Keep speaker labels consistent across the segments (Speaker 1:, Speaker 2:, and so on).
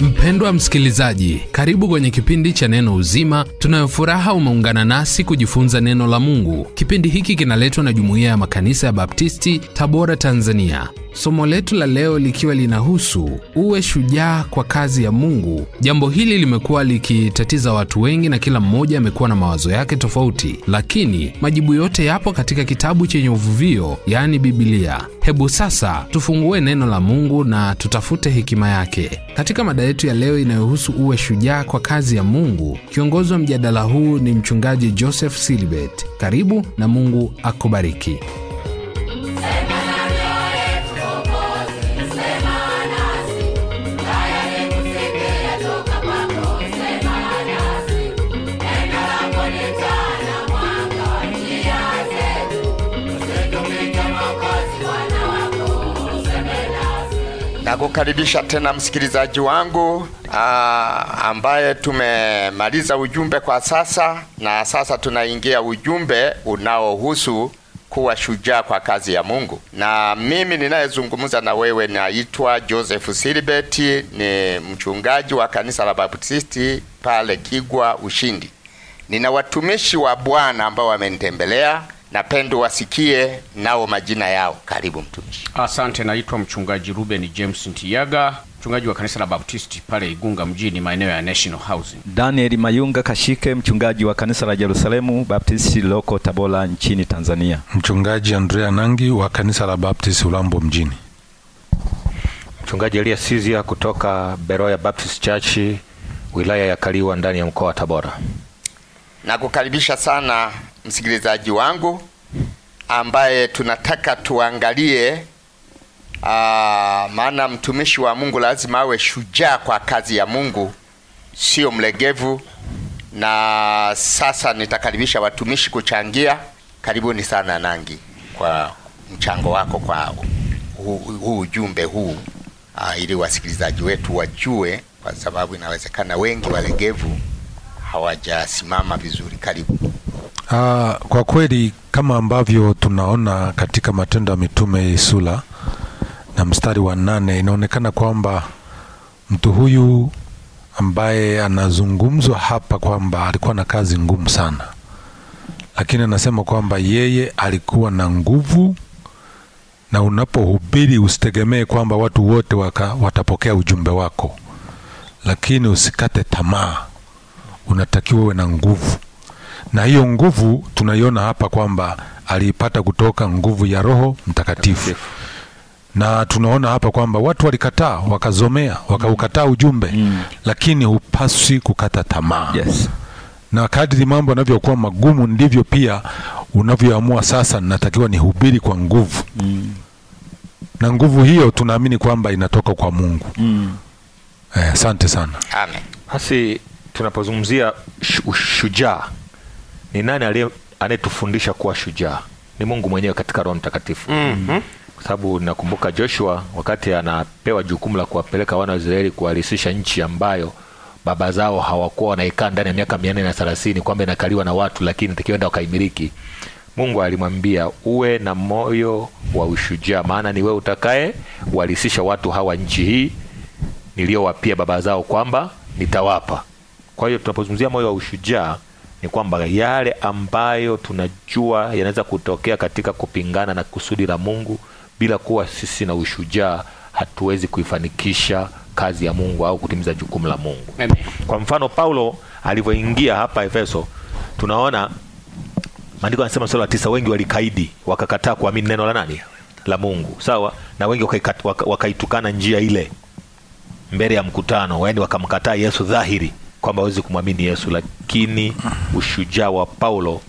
Speaker 1: Mpendwa msikilizaji, karibu kwenye kipindi cha Neno Uzima. Tunayofuraha umeungana nasi kujifunza neno la Mungu. Kipindi hiki kinaletwa na Jumuiya ya Makanisa ya Baptisti, Tabora, Tanzania. Somo letu la leo likiwa linahusu uwe shujaa kwa kazi ya Mungu. Jambo hili limekuwa likitatiza watu wengi na kila mmoja amekuwa na mawazo yake tofauti, lakini majibu yote yapo katika kitabu chenye uvuvio, yaani Biblia. Hebu sasa tufungue neno la Mungu na tutafute hekima yake katika mada yetu ya leo inayohusu uwe shujaa kwa kazi ya Mungu. Kiongozi wa mjadala huu ni mchungaji Joseph Silibet. Karibu na Mungu akubariki.
Speaker 2: Nakukaribisha tena msikilizaji wangu aa, ah, ambaye tumemaliza ujumbe kwa sasa, na sasa tunaingia ujumbe unaohusu kuwa shujaa kwa kazi ya Mungu. Na mimi ninayezungumza na wewe naitwa Joseph Silibeti, ni mchungaji wa kanisa la Baptisti pale Kigwa Ushindi. Nina watumishi wa Bwana ambao wamenitembelea Napenda wasikie nao majina yao. Karibu mtumishi.
Speaker 3: Asante, naitwa mchungaji Ruben James Ntiyaga, mchungaji wa kanisa la Baptisti pale Igunga mjini, maeneo ya National
Speaker 4: Housing. Daniel Mayunga Kashike, mchungaji wa kanisa la Jerusalemu Baptisti loko Tabora
Speaker 5: nchini Tanzania. Mchungaji Andrea Nangi wa kanisa la Baptisti Ulambo mjini.
Speaker 6: Mchungaji Elia Sizia kutoka Beroya Baptist Church wilaya ya Kaliwa ndani ya mkoa wa Tabora.
Speaker 2: Nakukaribisha sana msikilizaji wangu ambaye tunataka tuangalie aa, ah, maana mtumishi wa Mungu lazima awe shujaa kwa kazi ya Mungu, sio mlegevu. Na sasa nitakaribisha watumishi kuchangia. Karibuni sana Nangi kwa mchango wako kwa huu hu, ujumbe huu ah, ili wasikilizaji wetu wajue, kwa sababu inawezekana wengi walegevu hawajasimama vizuri. Karibu.
Speaker 5: Uh, kwa kweli kama ambavyo tunaona katika Matendo ya Mitume sura na mstari wa nane inaonekana kwamba mtu huyu ambaye anazungumzwa hapa kwamba alikuwa na kazi ngumu sana, lakini anasema kwamba yeye alikuwa na nguvu, na unapohubiri usitegemee kwamba watu wote waka, watapokea ujumbe wako, lakini usikate tamaa, unatakiwa uwe na nguvu na hiyo nguvu tunaiona hapa kwamba aliipata kutoka nguvu ya Roho Mtakatifu na tunaona hapa kwamba watu walikataa wakazomea wakaukataa mm. ujumbe mm. Lakini hupaswi kukata tamaa yes. Na kadri mambo yanavyokuwa magumu ndivyo pia unavyoamua sasa, natakiwa nihubiri kwa nguvu mm. Na nguvu hiyo tunaamini kwamba inatoka kwa Mungu mm. Eh, asante eh, sana. Amen.
Speaker 6: Basi tunapozungumzia ushujaa ni nani anayetufundisha kuwa shujaa? Ni Mungu mwenyewe katika Roho Mtakatifu. mm -hmm. Kwa sababu nakumbuka Joshua wakati anapewa jukumu la kuwapeleka wana wa Israeli kuwalisisha nchi ambayo baba zao hawakuwa wanaikaa ndani ya miaka mia nne na thelathini kwamba inakaliwa na watu, lakini takienda wakaimiliki. Mungu alimwambia uwe na moyo wa ushujaa, maana ni wewe utakaye walisisha watu hawa nchi hii niliyowapia baba zao kwamba nitawapa. Kwa hiyo tunapozungumzia moyo wa ushujaa ni kwamba yale ambayo tunajua yanaweza kutokea katika kupingana na kusudi la Mungu, bila kuwa sisi na ushujaa, hatuwezi kuifanikisha kazi ya Mungu au kutimiza jukumu la Mungu. Amen. Kwa mfano Paulo alivyoingia hapa Efeso, tunaona maandiko yanasema sura tisa, wengi walikaidi wakakataa kuamini neno la nani? La Mungu, sawa na wengi wakaitukana waka, waka njia ile mbele ya mkutano, yaani wakamkataa Yesu dhahiri kwamba hawezi kumwamini Yesu, lakini ushujaa wa Paulo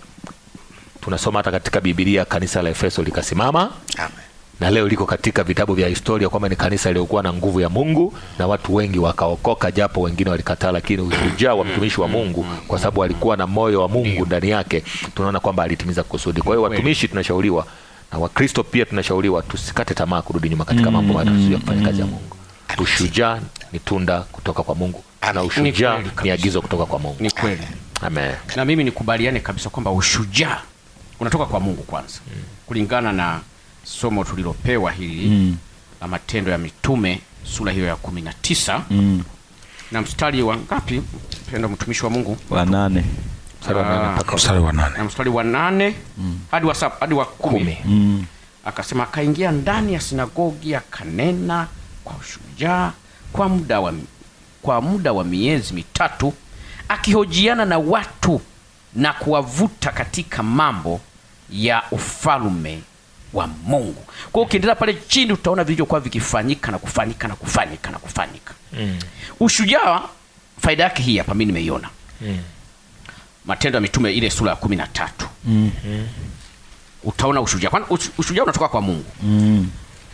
Speaker 6: tunasoma hata katika Biblia, kanisa la Efeso likasimama. Amen. Na leo liko katika vitabu vya historia kwamba ni kanisa liliokuwa na nguvu ya Mungu na watu wengi wakaokoka, japo wengine walikataa, lakini ushujaa wa mtumishi wa Mungu, kwa sababu alikuwa na moyo wa Mungu ndani yake, tunaona kwamba alitimiza kusudi. Kwa hiyo watumishi tunashauriwa na Wakristo pia tunashauriwa tusikate tamaa kurudi nyuma katika mambo mm. ya kufanya kazi ya Mungu. Ushujaa ni tunda kutoka kwa Mungu na ushujaa ni agizo kutoka kwa Mungu.
Speaker 3: Ni kweli. Amen. Na mimi nikubaliane kabisa kwamba ushujaa unatoka kwa Mungu kwanza, mm. kulingana na somo tulilopewa hili mm. la Matendo ya Mitume sura hiyo ya kumi na tisa mm. na mstari wa ngapi, mpendwa mtumishi wa Mungu? Wa nane. Mstari wa ah, nane. mstari wa nane mm. hadi wa saba hadi wa kumi. Mm. Akasema akaingia ndani ya sinagogi akanena kwa ushujaa kwa muda wa, kwa muda wa miezi mitatu akihojiana na watu na kuwavuta katika mambo ya ufalme wa Mungu. Kwa hiyo ukiendelea pale chini utaona vilivyokuwa vikifanyika na kufanyika na kufanyika na kufanyika. Mm. Ushujaa faida yake hii hapa mimi nimeiona. Mm. Matendo ya Mitume ile sura ya 13.
Speaker 6: Mhm. Mm
Speaker 3: utaona ushujaa. Kwani ushujaa unatoka kwa Mungu. Mm.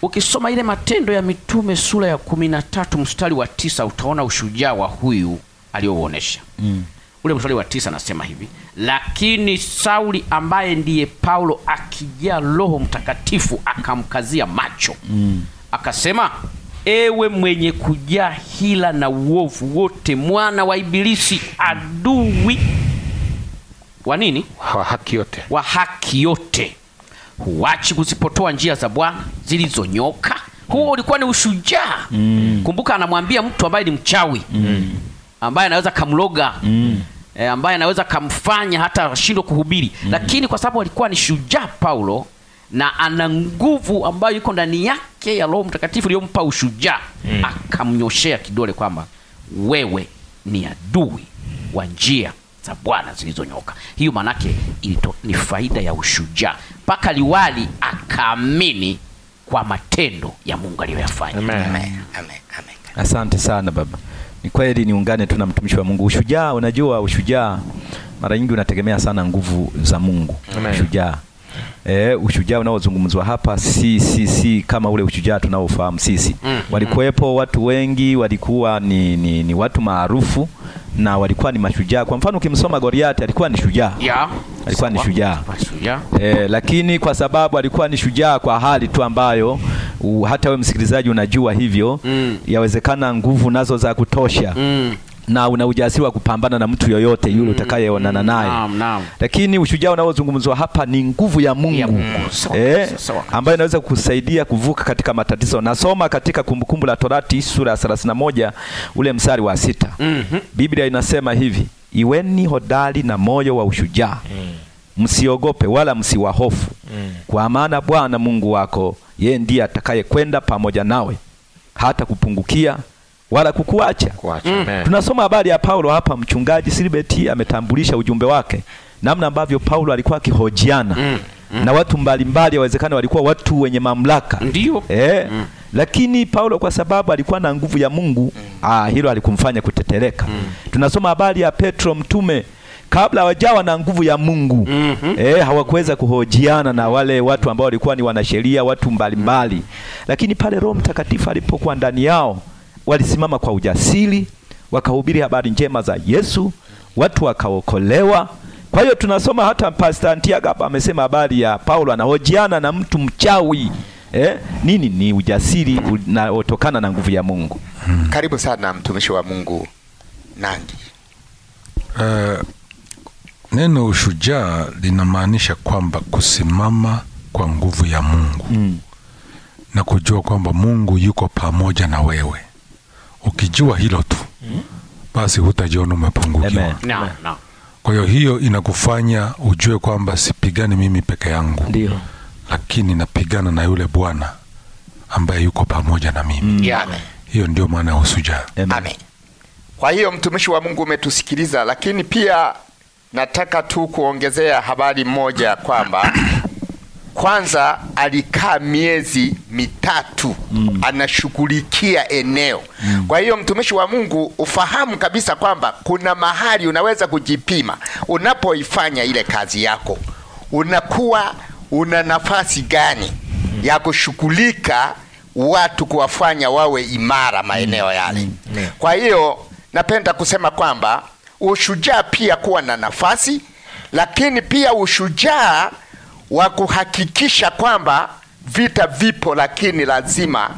Speaker 3: Ukisoma ile Matendo ya Mitume sura ya kumi na tatu mstari wa tisa utaona ushujaa wa huyu aliyouonesha mm. Ule mstari wa tisa nasema hivi, lakini Sauli ambaye ndiye Paulo akijaa Roho Mtakatifu akamkazia macho mm. akasema, ewe mwenye kujaa hila na uovu wote, mwana wa Ibilisi, adui wa nini? Wa haki yote, wa haki yote huachi kuzipotoa njia za Bwana zilizonyoka. Huo ulikuwa ni ushujaa mm. Kumbuka, anamwambia mtu ambaye ni mchawi mm. ambaye anaweza kamloga mm. e, ambaye anaweza kamfanya hata ashindwe kuhubiri mm. Lakini kwa sababu alikuwa ni shujaa Paulo na ana nguvu ambayo iko ndani yake ya Roho Mtakatifu iliyompa ushujaa mm. akamnyoshea kidole kwamba wewe ni adui wa njia za Bwana zilizonyoka. Hiyo maanake ni faida ya ushujaa mpaka liwali akaamini kwa matendo ya Mungu aliyoyafanya.
Speaker 4: Amen. Amen. Amen. Amen. Asante sana baba. Ni kweli niungane tu na mtumishi wa Mungu. Ushujaa, unajua ushujaa mara nyingi unategemea sana nguvu za Mungu. Amen. Ushujaa. Eh, ushujaa unaozungumzwa hapa si si si kama ule ushujaa tunaofahamu sisi. Mm. Walikuwepo watu wengi, walikuwa ni ni, ni watu maarufu na walikuwa ni mashujaa. Kwa mfano ukimsoma Goliati alikuwa ni shujaa yeah. alikuwa ni shujaa e, lakini kwa sababu alikuwa ni shujaa kwa hali tu ambayo uh, hata we msikilizaji unajua hivyo mm. yawezekana nguvu nazo za kutosha mm na una ujasiri wa kupambana na mtu yoyote yule mm. utakayeonana naye. Lakini ushujaa unaozungumzwa hapa ni nguvu ya Mungu, ya mm, So, eh, so, so, ambayo inaweza kukusaidia kuvuka katika matatizo. Nasoma katika Kumbukumbu la Torati sura ya 31 ule msari wa sita. mm -hmm. Biblia inasema hivi, iweni hodari na moyo wa ushujaa mm. msiogope wala msiwahofu mm. kwa maana Bwana Mungu wako yeye ndiye atakayekwenda pamoja nawe hata kupungukia wala kukuacha. Mm. Tunasoma habari ya Paulo hapa, mchungaji Silibeti ametambulisha ujumbe wake, namna ambavyo Paulo alikuwa akihojiana mm. Mm. na watu mbalimbali, yawezekana walikuwa watu wenye mamlaka ndio eh, mm. lakini Paulo kwa sababu alikuwa na nguvu ya Mungu mm. ah, hilo alikumfanya kuteteleka mm. tunasoma habari ya Petro mtume kabla hawajawa na nguvu ya Mungu mm -hmm. eh, hawakuweza kuhojiana na wale watu ambao walikuwa ni wanasheria, watu mbalimbali mbali. Mm. lakini pale Roho Mtakatifu alipokuwa ndani yao walisimama kwa ujasiri, wakahubiri habari njema za Yesu, watu wakaokolewa. Kwa hiyo tunasoma hata Pastor Antiaga hapa amesema habari ya Paulo anahojiana na mtu mchawi. Eh, nini ni ujasiri unaotokana na nguvu ya Mungu? Hmm. Karibu sana mtumishi wa Mungu
Speaker 5: Nangi. Uh, neno ushujaa linamaanisha kwamba kusimama kwa nguvu ya Mungu. Hmm. Na kujua kwamba Mungu yuko pamoja na wewe. Ukijua hilo tu basi hutajiona umepungukiwa. Kwa hiyo hiyo inakufanya ujue kwamba sipigani mimi peke yangu, ndio, lakini napigana na yule Bwana ambaye yuko pamoja na mimi. Mm. Amen. Hiyo ndio maana ya usuja. Amen.
Speaker 2: Kwa hiyo mtumishi wa Mungu umetusikiliza, lakini pia nataka tu kuongezea habari moja kwamba kwanza alikaa miezi mitatu mm. anashughulikia eneo mm. Kwa hiyo mtumishi wa Mungu ufahamu kabisa kwamba kuna mahali unaweza kujipima unapoifanya ile kazi yako, unakuwa una nafasi gani mm. ya kushughulika watu kuwafanya wawe imara mm. maeneo yale mm. Mm. Kwa hiyo napenda kusema kwamba ushujaa pia kuwa na nafasi, lakini pia ushujaa wa kuhakikisha kwamba vita vipo, lakini lazima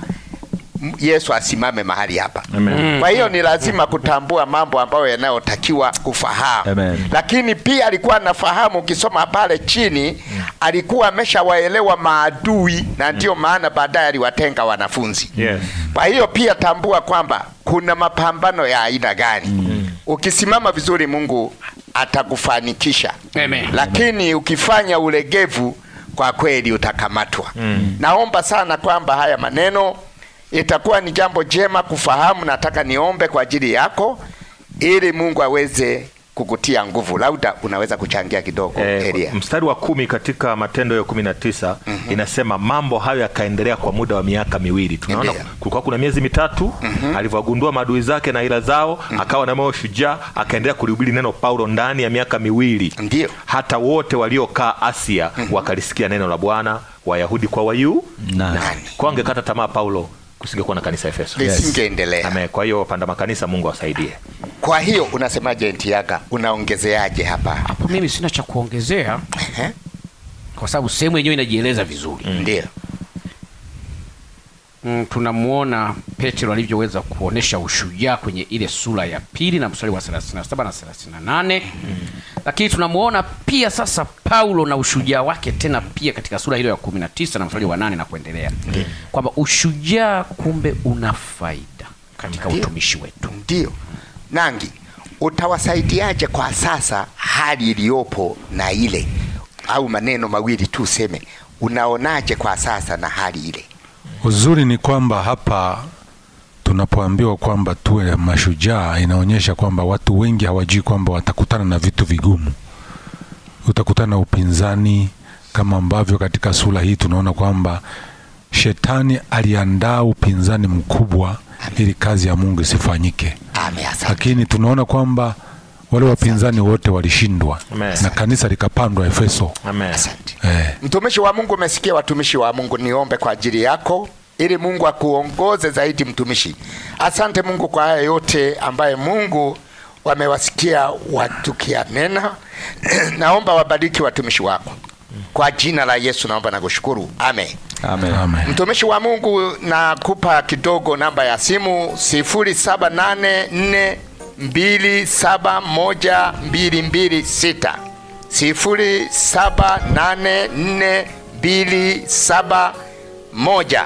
Speaker 2: Yesu asimame mahali hapa. Amen. Mm. Kwa hiyo ni lazima kutambua mambo ambayo yanayotakiwa kufahamu. Amen. Lakini pia alikuwa anafahamu, ukisoma pale chini, alikuwa ameshawaelewa maadui na ndiyo maana baadaye aliwatenga wanafunzi. Yes. Kwa hiyo pia tambua kwamba kuna mapambano ya aina gani. Mm. Ukisimama vizuri Mungu atakufanikisha. Amen. Lakini ukifanya ulegevu, kwa kweli utakamatwa. Mm. Naomba sana kwamba haya maneno itakuwa ni jambo jema kufahamu. Nataka niombe kwa ajili yako ili Mungu aweze kukutia nguvu, labda unaweza kuchangia kidogo
Speaker 6: eh, mstari wa kumi katika Matendo ya kumi na tisa mm -hmm. inasema mambo hayo yakaendelea kwa muda wa miaka miwili. Tunaona kulikuwa kuna miezi mitatu mm -hmm. alivyogundua maadui zake na ila zao mm -hmm. akawa na moyo shujaa, akaendelea kulihubiri neno Paulo ndani ya miaka miwili. Ndiyo. hata wote waliokaa Asia mm -hmm. wakalisikia neno la Bwana, Wayahudi kwa nani. kwa angekata tamaa Paulo kusingekuwa na kanisa Efeso, lisingeendelea Amen. kwa hiyo wapanda makanisa, Mungu awasaidie. Kwa hiyo unasemaje,
Speaker 2: Ntiaga, unaongezeaje hapa? Hapo
Speaker 3: mimi sina cha kuongezea kwa sababu sehemu yenyewe inajieleza vizuri, mm. ndio mm, tunamwona Petro alivyoweza kuonesha ushujaa kwenye ile sura ya pili na mstari wa 37 na 38. Mm. Lakini tunamuona pia sasa Paulo na ushujaa wake tena pia katika sura hilo ya 19 na mstari wa nane na kuendelea kwamba ushujaa kumbe una faida katika Ndiyo. utumishi wetu. Ndio nangi
Speaker 2: utawasaidiaje kwa sasa hali iliyopo na ile au maneno mawili tu useme unaonaje kwa sasa na hali ile?
Speaker 5: Uzuri ni kwamba hapa tunapoambiwa kwamba tuwe mashujaa, inaonyesha kwamba watu wengi hawajui kwamba watakutana na vitu vigumu. Utakutana na upinzani, kama ambavyo katika sura hii tunaona kwamba shetani aliandaa upinzani mkubwa ili kazi ya Mungu isifanyike. Lakini tunaona kwamba wale wapinzani wote walishindwa na kanisa likapandwa Efeso. Amen. Eh.
Speaker 2: Mtumishi wa Mungu, umesikia watumishi wa Mungu, niombe kwa ajili yako ili Mungu akuongoze zaidi mtumishi. Asante Mungu kwa haya yote ambaye Mungu wamewasikia nena Naomba wabariki watumishi wako kwa jina la Yesu, naomba na kushukuru amen. Amen. Amen. Mtumishi wa Mungu, nakupa kidogo namba ya simu saba moja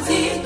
Speaker 3: Brasil.